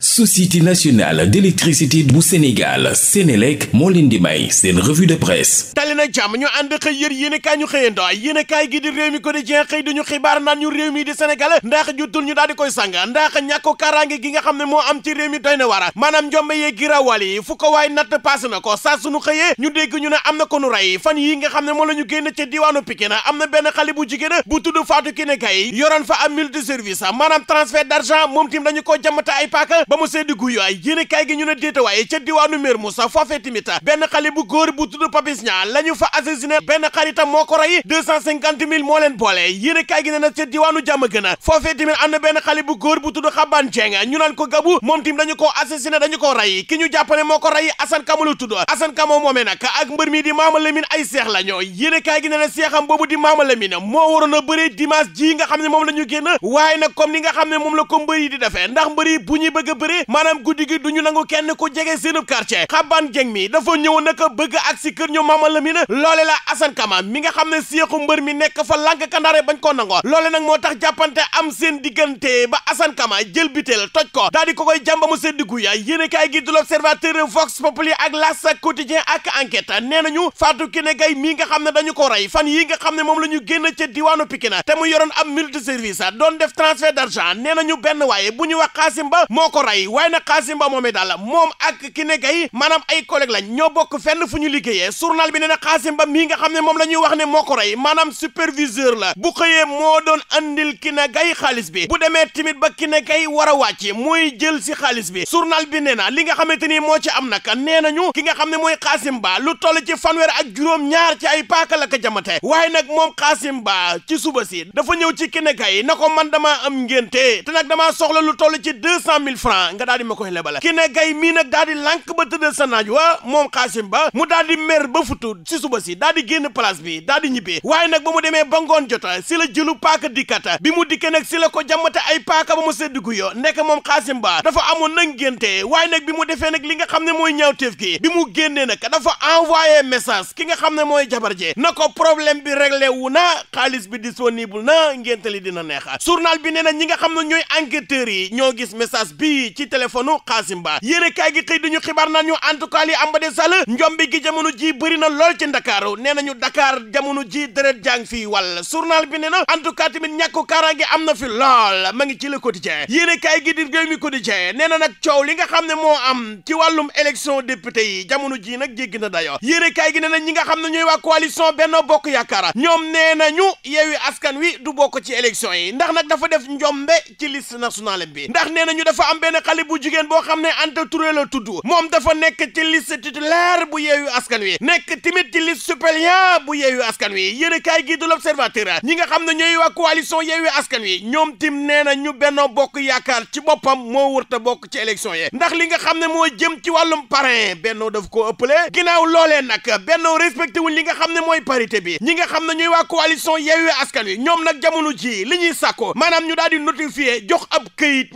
société nationale d'électricité bu Sénégal Sénélec moo leen di may seen revue de presse tali jàmm ñu ànd xëy yër yéen i kaay ñu xëyando yéen i kaay gi di réew mi quotidien xëy duñu xibaar naan ñu réew mi di Sénégal ndax juttul ñu daal di koy sang ndax ñàkko kaaraange gi nga xam ne moo am ci réew mi doy na wara maanaam njombe yee girawal yi fu ko waay natt paase ko saa suñu xëyee ñu dégg ñu ne am na ko nu rey fan yi nga xam ne moo la ñu génn ca diwaanu Pikine am na ko jàmmata ay ba mu seddi guyuwaay yéen gi ñu ne déeta ca diwaanu Mermoz foofee tamit benn xale góor bu tudd Papis Niang la fa assassiné benn xaritam moo ko rey deux cent cinquante mille moo leen boole yéen kaay gi ne ca diwaanu jàmm gën a foofee am na benn xale góor bu tudd Xaban Dieng ñu naan ko gabu moom tim dañu ko assassiné dañu ko rey ki ñu jàpp moo ko rey Assane Kamo la tudd Assane Kamo moomee nag ak mbër mi di Maama la ñoo yéen kaay ne na seexam boobu di Maama Lamine moo a xam ne moom la ñu génn waaye nag comme nga xam ne moom la ko mbër bëri maanaam guddi gi du ñu nangu kenn ku jege seenub quartier xaban jeng mi dafa ñëw naka bëgg ak si kër ñoom maama Lamine loole la Assane Kama mi nga xam ne seexu mbër mi nekk fa lànk kandaare bañ koo nangoo loole nag moo tax jàppante am seen diggante ba Assane Kama jël biteel toj ko daal di ko koy jàmba mu sedd guya yéene kaay gi du l'Observateur Vox Populi ak L'As Quotidien ak Enquête nee nañu Fatou Kiné Gaye mii nga xam ne dañu ko rey fan yi nga xam ne moom la génn ca benn waaye bu ñu wax contrat yi waaye nag Xaasim Ba moomee daal moom ak ki ne kay ay collègue lañ ñoo bokk fenn fu ñu liggéeyee journal bi nee na Xaasim Ba mii nga xam ne moom la ñuy wax ne moo ko rey maanaam superviseur la bu xëyee moo doon andil ki ne kay xaalis bi bu demee timit ba ki ne kay war a wàcc mooy jël si xaalis bi journal bi nee na li nga xamante ni moo ci am nag nee nañu ki nga xam ne mooy Xaasim Ba lu toll ci fanweer ak juróom ñaar ci ay paaka la ko jamate waaye nag moom Xaasim Ba ci suba si dafa ñëw ci ki ne kay na ko man damaa am ngénte te nag damaa soxla lu toll ci deux mille franc nga daal di ma koy lebale ki ne gay mii nag daal di ba tëddal sa naaj wa moom xaasim ba mu daal mer ba futu si si daal di génn place bi daal di waaye nag ba mu demee ba ngoon jota si la jëlu paaka dikkata bi mu dikkee nag si la ko jàmmate ay paaka ba mu seddugu yo nekk moom xaasim ba dafa amoon nag ngénte waaye nag bi mu defee nag li nga xam ne mooy ñaawteef gi bi mu génnee nag dafa envoyé message ki nga xam ne mooy jabar je na ko problème bi réglé wu na xaalis bi disponible na ngénte li dina neexa journal bi nee na ñi nga xam ne ñooy enquêteurs yi ñoo gis message bi bi ci téléphone u Xaasim Ba yéene kaay gi xëy dañu xibaar naan ñu en tout cas li am ba de sall njombi gi jamono ji bëri na lool ci ndakaaru nee nañu Dakar jamono ji deret jàng fii wàll journal bi nee na en tout cas tamit ñàkku kaaraange am na fi lool ma ngi ci le quotidien yéene kaay gi di réew mi quotidien nee na nag coow li nga xam ne moo am ci wàllum élection député yi jamono ji nag jéggi na dayo yéene kaay gi nee na ñi nga xam ne ñooy waa coalition Benno Bokk Yaakaar ñoom nee nañu Yewwi Askan Wi du bokk ci élection yi ndax nag dafa def njombe ci liste nationale bi ndax nee xale bu jigéen boo xam ne Anta Touré la tudd moom dafa nekk ci liste titulaire bu yeewu askan wi nekk tamit ci liste suppléant bu yeewu askan wi yéen kaay gi de l'Observateur ñi nga xam ne ñooy waa coalition yeewu askan wi ñoom tim nee na ñu Benno Bokk Yaakaar ci boppam moo wërta bokk ci élection yi ndax li nga xam ne moo jëm ci wàllum parrain Benno daf ko ëppale ginnaaw loolee nag Benno respecté wuñ li nga xam ne mooy parité bi ñi nga xam ne ñooy waa coalition yeewu askan wi ñoom nag jamono ji li ñuy sàkko maanaam ñu daal di notifier jox ab këyit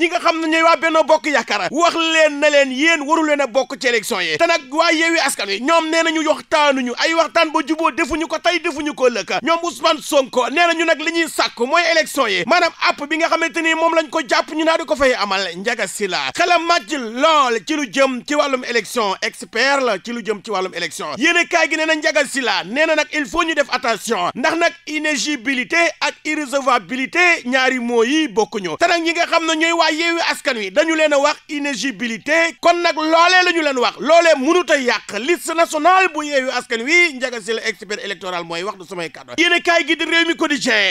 bokk yaakaar wax leen na leen yéen waru leen a bokk ci élection yi te nag waa yeewi askan wi ñoom nee nañu waxtaanuñu ay waxtaan ba juboo ñu ko tey ñu ko lëkk ñoom Ousmane Sonko nee ñu nag li ñuy sàkk mooy élection yi maanaam app bi nga xamante ni moom lañ ko jàpp ñu naa di ko fay amal njaga si la xelam màcc lool ci lu jëm ci wàllum élection expert la ci lu jëm ci wàllum élection yéene kaay gi na njaga si la nee na nag il faut ñu def attention ndax nag inéligibilité ak irrecevabilité ñaari moo yi bokkuñu te nag ñi nga xam ne ñooy waa yeewi askan wi dañu dañu leen a wax inéligibilité kon nag loolee la ñu leen wax loolee mënut a yàq liste nationale bu yeewu askan wi njaga si la expert électoral mooy wax du samay kàddu yéen a kaay gi di réew mi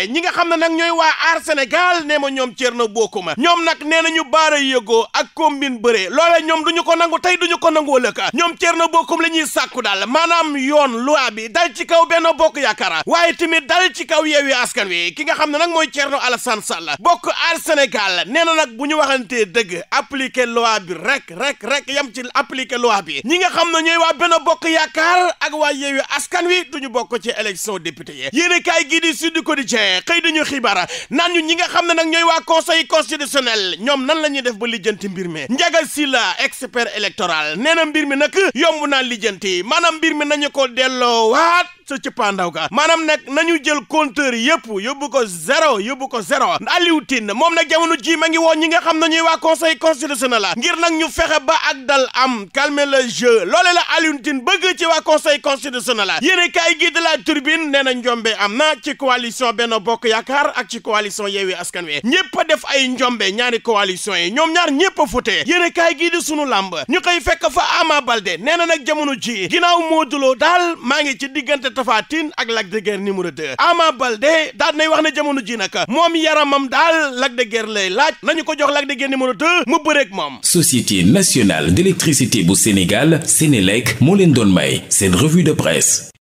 ñi nga xam ne nag ñooy waa aar Sénégal nee ma ñoom Thierno Bocoum ñoom nag nee na ñu baare yëgoo ak combine bëre loolee ñoom du ñu ko nangu tey du ñu ko nangu ëllëg ñoom Thierno Bocoum la ñuy sàkku daal maanaam yoon lu bi dal ci kaw benn bokk yaakaar waaye tamit dal ci kaw yeewu askan wi ki nga xam ne nag mooy Thierno Alassane Sall bokk aar Sénégal nee na nag bu ñu waxantee dëgg appliquer loi bi rek rek rek yam ci appliquer loi bi ñi nga xam ne ñooy waa benn bokk yaakaar ak waa yeewi askan wi duñu bokk ci élection député yi yéen kaay gii di Sud Quotidien xëy dañu xibaar naan ñu ñi nga xam ne nag ñooy waa conseil constitutionnel ñoom nan lañuy def ba lijjanti mbir mi Ndiaga Sylla expert électoral nee na mbir mi nag yomb naa lijjanti maanaam mbir mi nañu ko delloowaat ca cëppaandaw ga maanaam nag nañu jël compteur yëpp yóbbu ko zéro yóbbu ko zéro Aliou Tine moom nag jamono ji ma ngi woon ñi nga xam na ñu waa conseil constitutionnel la ngir nag ñu fexe ba ak dal am calmer le jeu loole la Aliou Tine bëgg ci waa conseil constitutionnel la yéen kaay gi de la turbine nee na njombe am na ci coalition Benno Bokk Yaakaar ak ci coalition Yewwi Askan Wi ñëpp a def ay njombe ñaari coalition yi ñoom ñaar ñëpp a fute yéen kaay gi di sunu làmb ñu koy fekk fa Ama Balde ji ginnaaw Tapha Tine ak Lac de Guiers numéro 2 Ama nay wax ne jamono ji nag moom yaramam daal Lac de Guiers lay laaj nañu ko jox Lac de Guiers numéro 2 mu bëreek moom. Société nationale d'électricité bu Sénégal Sénélec moo leen doon may seen revue de presse.